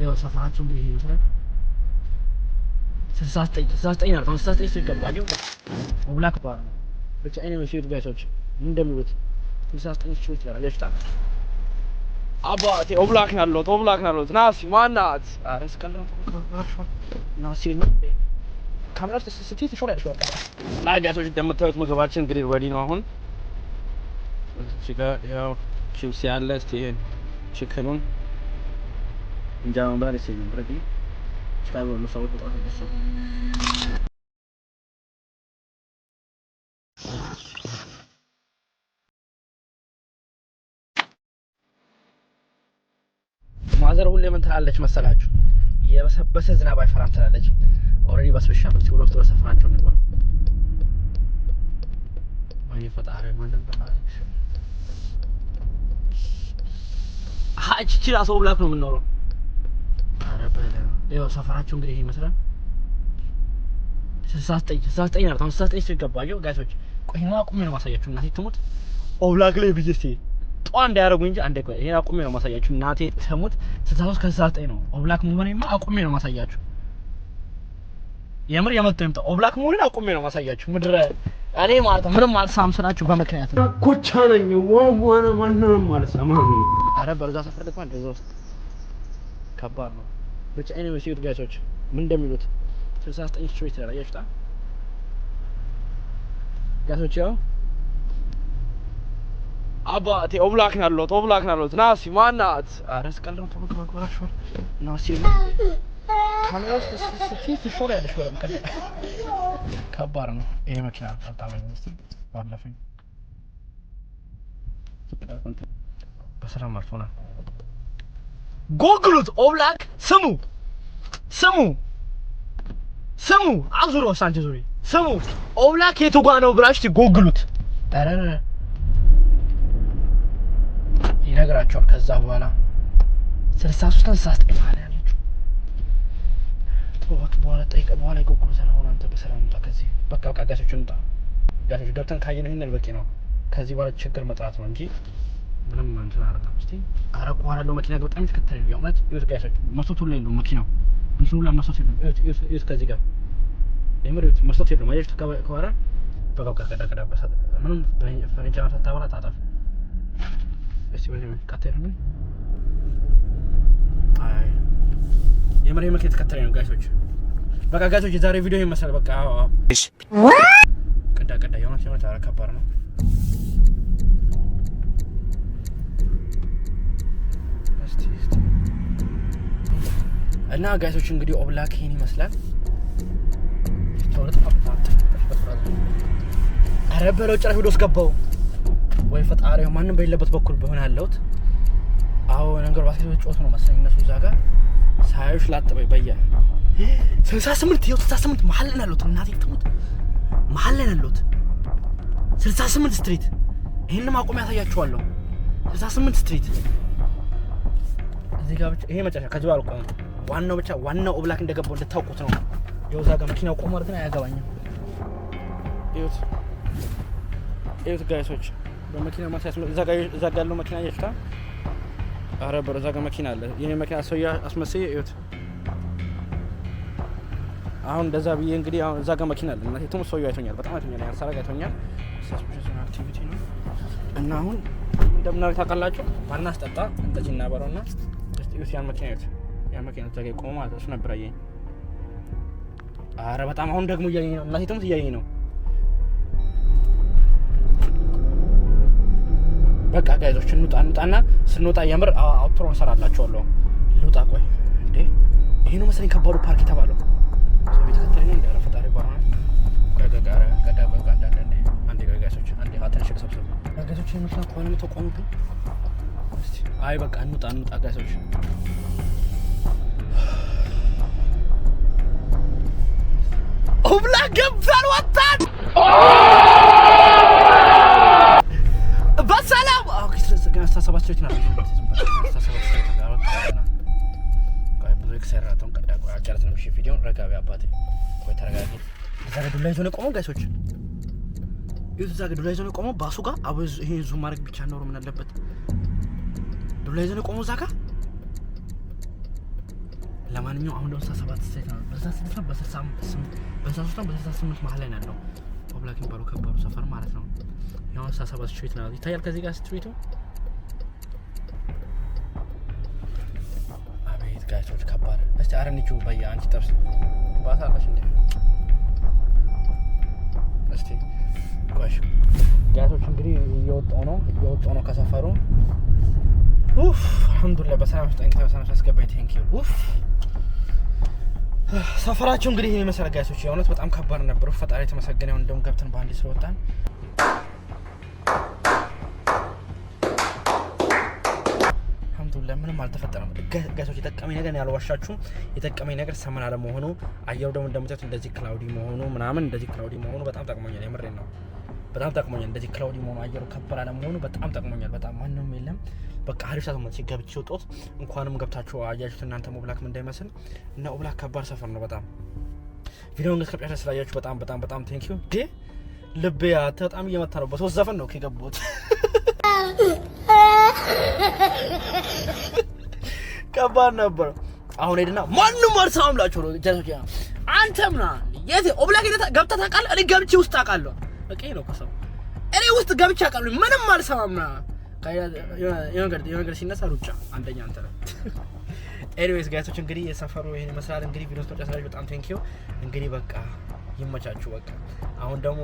በሰፋቱ ይሄዳል። ስሳስተኛ ነው። ስሳስተኛ ሰው ይገባል። አላህ አክበር ብቻ እኔ መስጂድ ጋቶች እንደሚሉት ስሳስተኛ ሰው ይችላል። ለፍታ አባቴ ኦብላክ ናሎት ኦብላክ ናሎት ናሲ ማናት አረስከለ ናሲ ነው ካሜራ ስትይ ተሾላ ያሽዋል እና ጋቶች እንደምታዩት ምግባችን እንግዲህ ወዲ ነው አሁን እዚህ ጋር ያው ቺፕስ ያለ ስቴን ቺክኑን እንጀራ መብላት ደስ ይለኛል። ስለዚህ ጭቃ የሆኑ ሰዎች በጣም ደስ ማዘር ሁሌ ምን ትላለች መሰላችሁ? የበሰበሰ ዝናብ አይፈራም ትላለች። ኦልሬዲ በስብሻ ነው ሲወለፍ ፈጣሪ ማንም ሀጭ ችላ ሰው ብላክ ነው ያው ሰፈራችሁ እንግዲህ ይመስላል። ስልሳ 69 ስልሳ ዘጠኝ ነበር። ሲገባ አየሁ። ጋይሶች ቆይና አቁሜ ነው ማሳያችሁ። እናቴ ትሙት ኦብላክ ላይ ብዬ ስ ጠዋ እንዳያደረጉ እንጂ አንዴ ቆይ፣ ይሄን አቁሜ ነው ማሳያችሁ። እናቴ ትሙት 63 ከ69 ነው። ኦብላክ መሆኔማ አቁሜ ነው ማሳያችሁ። የምር የመጣው ይምጣ። ኦብላክ መሆኔን አቁሜ ነው ማሳያችሁ። ምድረ እኔ ማለት ምንም አልሳም ስላችሁ በምክንያት ነው። ኮቻ ነኝ ዋው ዋና ማንንም አልሳም። አረ በርዛ ሰፈር ደግሞ እንደዛ ከባድ ነው። ብቻ ኤኒዌይስ ይሁት ጋይሶች ምን እንደሚሉት 69 ሺህ ሜትር አያችሁታ ጋይሶች ያው አባቴ ኦብላክ ናሎት ኦብላክ ናሎት ናሲ ማናት አረስ ቀለም ቶሎ ከመግባራሽ ናሲ ካሜራ ውስጥ ስትይ ያለሽ ወይም ከባድ ነው ይሄ መኪና በጣም ሚኒስትር ባለፈኝ በሰላም አልፎናል ጎግሉት። ኦብላክ ስሙ ስሙ ስሙ አዙሮ ሳንቺ ዙሪ ስሙ ኦብላክ የቱ ነው ብላችሁ ጎግሉት። ኧረ ይነግራቸዋል። ከዛ በኋላ ስልሳ ሶስት ስልሳ ዘጠኝ ማለት ያለችው በኋላ ጠይቀ በኋላ የጎግሉትን አሁን አንተ በሰላም ውጣ ከዚህ በቃ በቃ ጋሾቹ እንውጣ ጋሾቹ ገብተን ካየነው ይህንን በቂ ነው። ከዚህ በኋላ ችግር መጥራት ነው እንጂ ምንም እንትን አደረገም። እስቲ ኧረ እኮ ያለው መኪና በጣም የተከተለ ነው። እውነት ይወት ጋር መስታወት መኪናው እንትን ሁላ መስታወት የለውም። ይወት ከዚህ ጋር የምር ይወት መስታወት የለውም። አየሽ ከኋላ በቃ ከዳከዳ በሳት ምንም ፈረንጃ ሳታበላ ታጠፍ። እስቲ በዚህ ከተል ነው። አይ የምር መኪና የተከተለ ነው ጋሾች። በቃ ጋሾች የዛሬ ቪዲዮ ይመስላል። በቃ አዎ አዎ፣ ቅዳ ቅዳ የሆነ የሆነ ከባድ ነው። እና ጋይሶች እንግዲህ ኦብላክ ይህን ይመስላል። አረ በለው ጭራሽ ወደ ውስጥ ገባው ወይ ፈጣሪ፣ ማንም በሌለበት በኩል ቢሆን ያለሁት አዎ፣ ነገር ባስኬት ጮት ነው መሰለኝ እነሱ እዛ ጋር ሳያዩሽ ላጥ በየ ስልሳ ስምንት ይኸው ስልሳ ስምንት መሀል ላይ ያለሁት እናቴ ትሙት መሀል ላይ ያለሁት ስልሳ ስምንት ስትሪት ይህንም አቁም ያሳያችኋለሁ። ስልሳ ስምንት ስትሪት እዚህ ጋር ብቻ ይሄ መጨረሻ ከዚህ አልቆም። ዋናው ብቻ ዋናው ኦብላክ እንደገባው እንድታውቁት ነው። የውዛ ጋር መኪናው ቆሟል፣ ግን አያገባኝም። እዩት እዩት ጋይሶች፣ በመኪና ማሳያት ነው። እዛ ጋር እዛ ጋር ያለው መኪና ይፍታ። አረ በር እዛ ጋር መኪና አለ። ይሄ መኪና ሰው አስመስዬ እዩት። አሁን እንደዛ ብዬ እንግዲህ አሁን እዛ ጋር መኪና አለ እና ቱም ሰው አይቶኛል፣ በጣም አይቶኛል፣ ያንሳራ አይቶኛል። ሳስፔንሽን አክቲቪቲ ነው እና አሁን እንደምናደርግ ታውቃላችሁ። ባናስጠጣ እንጠጅ እናበረውና ይሁት ያን መኪና ይሁት ያን መኪና ተገኝ ቆሞ ማለት እሱ ነበር አየኝ። አረ በጣም አሁን ደግሞ እያየኝ ነው። እናቴ ትሙት እያየኝ ነው። በቃ ጋይዞች እንውጣ እንውጣና ስንወጣ የምር አውትሮ እንሰራላችኋለሁ። ልውጣ ቆይ እንዴ ይሄ ነው መሰለኝ ከባዱ ፓርክ የተባለው ተከተለኝ እንደ ፈጣሪ ባሆነ ጋጋጋረ ጋዳበጋ እንዳንዳንዴ አንዴ ጋጋሶች አንዴ አተንሽቅ ሰብሰብ ጋጋሶች የመሳ ከሆነ ተቆሙብኝ እስቲ አይ በቃ እንውጣ እንውጣ ጋሶች ኦብላ ገብተን ወጣን በሰላም ባሱ ጋር ይሄ ዙም ማድረግ ብቻ ኖሮ ምን አለበት? ዱላ ይዞ ነው ቆሞ እዛ ጋ። ለማንኛውም አሁን ለምሳ ሰባት ሴት ነው በዛ ስልሳ በስልሳ ሶስት በስልሳ ስምንት መሀል ላይ ያለው ኦብላክ የሚባለው ከባዱ ሰፈር ማለት ነው። ያው ስልሳ ሰባት ስትሪት ነው ይታያል። ከዚህ ጋር ስትሪቱ አቤት ጋይሶች ከባድ እስቲ አረንጁ በየ አንቺ ጠብስ ባታለሽ እንዴ እስቲ ቆሽ ጋይሶች እንግዲህ እየወጣው ነው እየወጣው ነው ከሰፈሩ ኡፍ አልሐምዱሊላህ በሰላም ጠንቅታ በሰላም ያስገባኝ። ቴንክ ኡፍ። ሰፈራችሁ እንግዲህ ይሄን የመሰለ ጋይሶች፣ የእውነት በጣም ከባድ ነበሩ። ፈጣሪ የተመሰገነ ይሁን። እንደውም ገብተን በአንድ ስለወጣን አልሐምዱሊላህ ምንም አልተፈጠረም። ጋይሶች የጠቀመኝ ነገር ያልዋሻችሁም የጠቀመኝ ነገር ሰመን አለመሆኑ አየሩ ደግሞ እንደምታዩት እንደዚህ ክላውዲ መሆኑ ምናምን እንደዚህ ክላውዲ መሆኑ በጣም ጠቅሞኛል። የምሬን ነው። በጣም ጠቅሞኛል። እንደዚህ ክላውዲ መሆኑ አየሩ ከበር አለመሆኑ በጣም ጠቅሞኛል። በጣም ማንም የለም። በቃ አሪፍ ሰዓት መጥቼ ገብቼ ወጦት እንኳንም ገብታችሁ አያችሁት እናንተ ኦብላክም እንዳይመስል እና ኦብላክ ከባድ ሰፈር ነው በጣም ቪዲዮውን እስከ መጨረሻ ስላያችሁ በጣም በጣም በጣም ቴንኪዩ። ዴ ልቤ ያተ በጣም እየመታ ነው። በሶስት ዘፈን ነው ከገባሁት ከባድ ነበር። አሁን ሄድና ማንም አልሰማም ላችሁ ነው። አንተም ና የት ኦብላክ ገብተህ ታውቃለህ? እኔ ገብቼ ውስጥ ታውቃለህ በቃ ነው ከሰው እኔ ውስጥ ገብቻ ቃሉ ምንም አልሰማም። ና የመንገድ ሲነሳ ሩጫ አንደኛ አንተ ነው። ኤኒዌይስ ጋይቶች እንግዲህ የሰፈሩ ይህን ይመስላል። እንግዲህ ቪዲዮ ስመጫ በጣም ቴንክ ዩ። እንግዲህ በቃ ይመቻችሁ። በቃ አሁን ደግሞ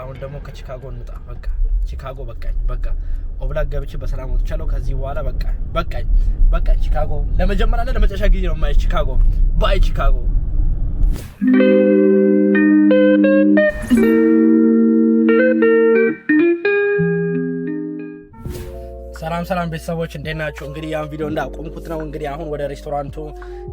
አሁን ደግሞ ከቺካጎ እንውጣ። በቃ ቺካጎ በቃኝ። በቃ ኦብላክ ገብቼ በሰላም ወጥቻለሁ። ከዚህ በኋላ በቃ በቃኝ፣ በቃ ቺካጎ ለመጀመሪያ ለመጨረሻ ጊዜ ነው የማየው። ቺካጎ ባይ ቺካጎ ሰላም ሰላም ቤተሰቦች እንዴት ናችሁ? እንግዲህ ያን ቪዲዮ እንዳቆምኩት ነው። እንግዲህ አሁን ወደ ሬስቶራንቱ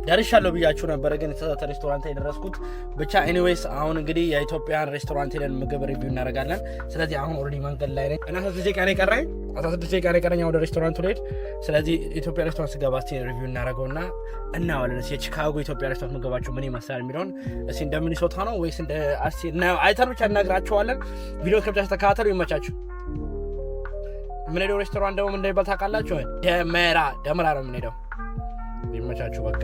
ደርሻለሁ ብያችሁ ነበረ፣ ግን የተሳተ ሬስቶራንት የደረስኩት ብቻ። ኤኒዌይስ አሁን እንግዲህ የኢትዮጵያን ሬስቶራንት ሄደን ምግብ ሪቪው እናደርጋለን። ስለዚህ አሁን ኦልሬዲ መንገድ ላይ ነኝ እና ስድስት ደቂቃ ነው የቀረኝ፣ አስራ ስድስት ደቂቃ ነው የቀረኝ ወደ ሬስቶራንቱ ልሄድ። ስለዚህ ኢትዮጵያ ሬስቶራንት ስገባ እስኪ ሪቪው እና እናዋለን። የቺካጎ ኢትዮጵያ ሬስቶራንት ምግባቸው ምን ይመስላል የሚለውን እስኪ እንደሚኒሶታ ነው ወይስ አይተን ብቻ እናግራቸዋለን። ቪዲዮ ከብቻ ተከታተሉ። ይመቻችሁ። የምንሄደው ሬስቶራንት ደግሞ እንደሚባል ታውቃላችሁ? ደመራ ደመራ ነው የምንሄደው። ይመቻችሁ በቃ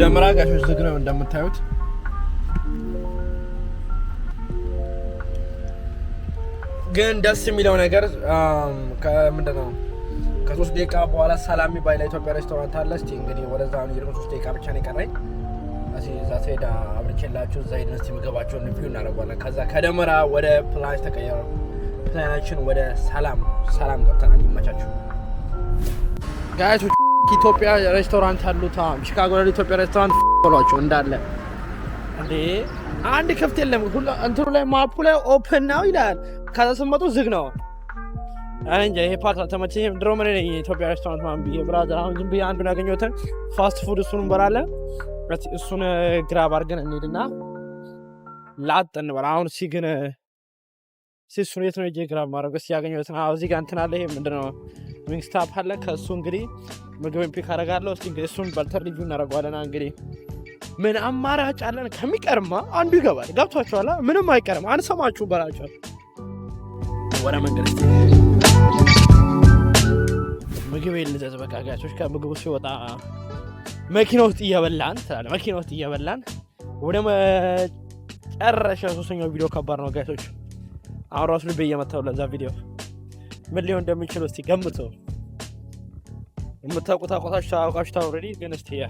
ደመራ ጋሾች ዝግ ነው እንደምታዩት። ግን ደስ የሚለው ነገር ምንድነው? ከሶስት ደቂቃ በኋላ ሰላም የሚባል ኢትዮጵያ ሬስቶራንት አለ። እስኪ እንግዲህ ወደዛ ነው የሄድኩት። ሶስት ደቂቃ ብቻ ነው የቀረኝ። እዛ ስሄድ አብርቼላችሁ እዛ ምግባቸውን ሪቪው ከዛ ከደመራ ወደ ፕላጅ ተቀየረ። ፕላናችን ወደ ሰላም ሰላም ገብተናል። ይመቻችሁ ኢትዮጵያ ሬስቶራንት ያሉት ቺካጎ ያሉ ኢትዮጵያ ሬስቶራንት ሏቸው እንዳለ እንዴ አንድ ክፍት የለም። እንትኑ ላይ ማፑ ላይ ኦፕን ነው ይላል። ከዛ ስትመጡ ዝግ ነው። እንጃ ይሄ ፓርት አልተመቸኝ። ድሮ ምን የኢትዮጵያ ሬስቶራንት ማን ብዬ ብራዘር፣ አሁን ዝም ብዬ አንዱን ያገኘሁትን ፋስት ፉድ እሱን እንበላለን እሱን ግራብ አድርገን እንሄድና ላጥ እንበል። አሁን ሲ ግን እሱን የት ነው እጄ ግራብ ማድረግ ስ ያገኘሁት እዚህ ጋር እንትን አለ። ይሄ ምንድን ነው ሚንግስታፕ አለ። ከእሱ እንግዲህ ምግብ ፒክ አደርጋለሁ። እስኪ እሱን በልተር ልዩ እናደርገዋለና እንግዲህ ምን አማራጭ አለን? ከሚቀርማ አንዱ ይገባል። ገብቷችኋል? ምንም አይቀርም። አንሰማችሁ በላቸው ወደ መንገድ ምግብ የልዘዝ በቃ ጋቾች ከምግቡ ሲወጣ መኪና ውስጥ እየበላን ስላለ መኪና ውስጥ እየበላን ወደ መጨረሻ ሶስተኛው ቪዲዮ ከባድ ነው ጋቶች አሁን ራሱ ልቤ እየመታው ለዛ ቪዲዮ ምን ሊሆን እንደምንችል እስቲ ገምቱ። የምታውቁት አውቃችሁ አውቃችሁ ታውረዲ ግን ስ ያ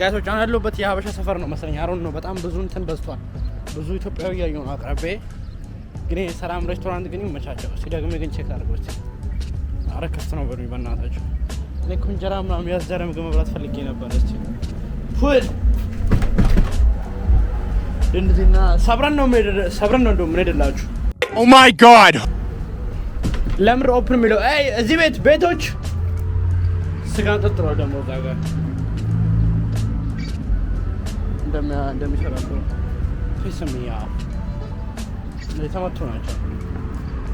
ጋይቶች አሁን ያለሁበት የሀበሻ ሰፈር ነው መሰለኝ። አሮን ነው በጣም ብዙ እንትን በዝቷል። ብዙ ኢትዮጵያዊ እያየ ነው አቅረቤ ግን ሰላም ሬስቶራንት ግን ይመቻቸው። ሲደግሜ ግን ቼክ አድርጎች አረከፍት ነው በሉኝ በእናታቸው እኔ እኮ እንጀራ ምናምን ያስደረ ምግብ መብላት ፈልጌ ነበር። እስቲ ፉል እንደዚህና ሰብረን ነው ሰብረን ነው ምን እንሄድላችሁ። ኦ ማይ ጋድ ለምር ኦፕን የሚለው አይ እዚህ ቤት ቤቶች ስጋን ጠጥሯል። ደግሞ እዛ ጋር እንደሚያ እንደሚሰራው ስሚያ የተመቱ ናቸው።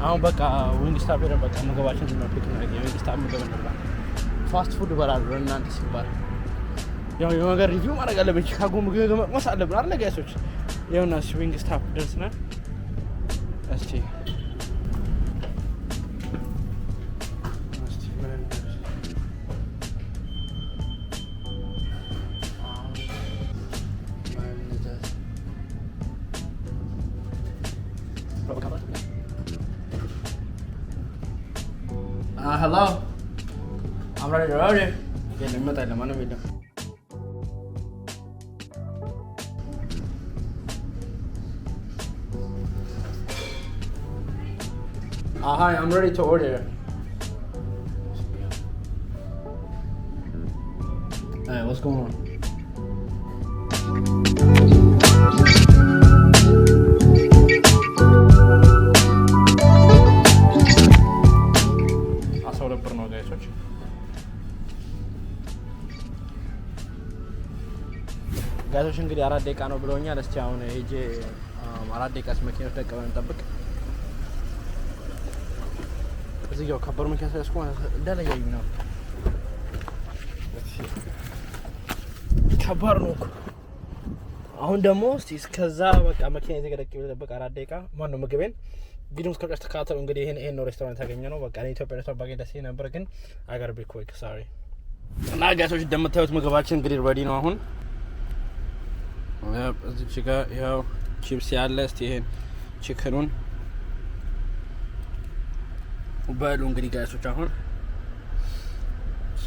አሁን በቃ ዊንግስታፕ ሄደን በቃ ምግባችን ነው ፒክ ነው ዊንግስታፕ ምግብ እንብላ ፋስት ፉድ በላሉ እናንተ ሲባል ያው ነገር ሪቪው ማድረግ አለብን። ቺካጎ ምግብ መቅመስ አለብን አለ ጋይሶች። ይኸውና ዊንግ ስታፕ ደርስናል እስቲ আমরা తాయిలా మనం వీళ్ళం Aha, I'm ready to order. Hey, what's going on? ሰዎች እንግዲህ አራት ደቂቃ ነው ብለውኛል። እስቲ አሁን ሄጄ አራት ደቂቃስ መኪናዎች ደቀ በምንጠብቅ እዚህ ያው ከበሩ መኪና ስለያዝኩ እንዳለያዩ ነው። ከባድ ነው እኮ አሁን ደግሞ እስቲ እስከዛ በቃ መኪና የተገደቅ ደቅ አራት ደቂቃ ማን ማነው ምግቤን ቪዲዮ እስከ ቀጭ ተከታተሉ። እንግዲህ ይህን ይህን ነው ሬስቶራንት ያገኘ ነው። በቃ ኢትዮጵያ ሬስቶራንት ባገኝ ደስ ነበር፣ ግን አገር ቤት ኮይክ ሳሪ እና ጋሶች እንደምታዩት ምግባችን እንግዲህ ረዲ ነው አሁን እዚች ጋ ያው ቺፕስ ያለ እስቲ ይሄን ችክኑን በሉ እንግዲህ ጋያሶች አሁን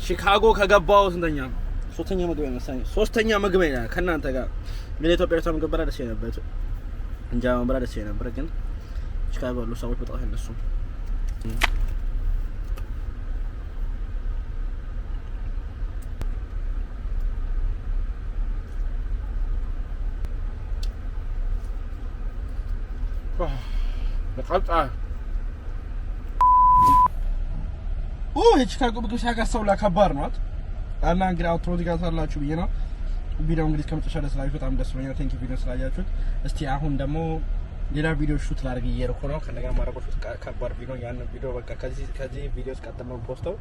ቺካጎ ከገባው ስንተኛ ሶስተኛ ምግብ መሳኝ ሶስተኛ ምግብ ይላል ከእናንተ ጋር ግን ኢትዮጵያ ውስጥ ምግብ በላ ደስ ነበር እንጃ በላ ደስ ነበር ግን ቺካጎ ያሉ ሰዎች በጣም አይነሱም ቀጣ ኦ ነው እንግዲህ አውትሮ ብዬ ነው። ቪዲዮ እንግዲህ በጣም ደስ ብሎኛል። ቴንክ ዩ ቪዲዮ ስላያችሁት። እስቲ አሁን ደግሞ ሌላ ቪዲዮ ሹት ላድርግ እየሄድኩ ነው። ሹት ከባድ ቪዲዮ ያን ቪዲዮ በቃ ከዚህ ከዚህ ቪዲዮ ስቀጥመው ፖስተው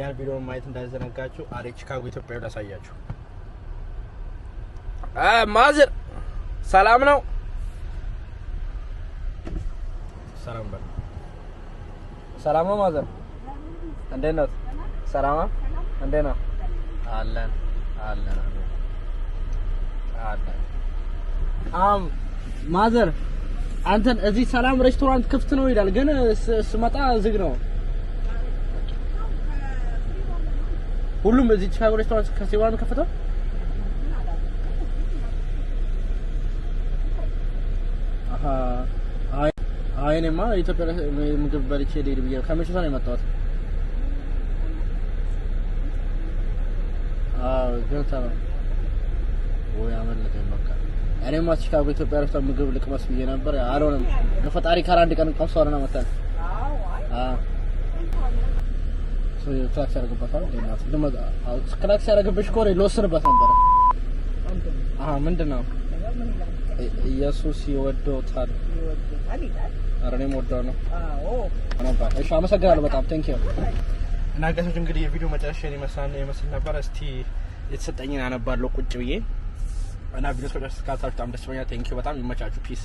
ያን ቪዲዮ ማየት እንዳይዘነጋችሁ። ቺካጎ ኢትዮጵያ ላሳያችሁ። ሰላም ነው። ሰላም በል። ሰላም ነው ማዘር፣ እንዴት ነው? ሰላም ነው። እንዴት ነው? አለን አለን አለን። አም ማዘር አንተን እዚህ ሰላም ሬስቶራንት ክፍት ነው ይላል፣ ግን ስመጣ ዝግ ነው። ሁሉም እዚህ ቻይ ሬስቶራንት ከሲዋን ከፍተው አሃ አይ እኔማ ኢትዮጵያ ምግብ በልቼ ልሄድ ብዬ ከመቼ ሰው ነው የመጣሁት። አዎ ገብታ ነው ወይ አመለጠኝ። በቃ እኔማ ቺካጎ ኢትዮጵያ ረፍታ ምግብ ልቅመስ ብዬ ነበር፣ አልሆነም። ፈጣሪ ካለ አንድ ቀን ቀምሶ አለና መጣን። አዎ ክላክስ ያደርግበታል። ክላክስ ያደርግብሽ እኮ ነው። ልወስንበት ነበር። አዎ ምንድን ነው ኢየሱስ ይወደውታል። ኧረ እኔም ወደው ነው። እሺ፣ አመሰግናለሁ በጣም ቴንክ ዩ። እና እንግዲህ የቪዲዮ መጨረሻ ይመስል ነበር። እስቲ የተሰጠኝን አነባለሁ ቁጭ ብዬ እና ቪዲዮ በጣም ደስ ቴንክ ዩ በጣም ይመቻችሁ። ፒስ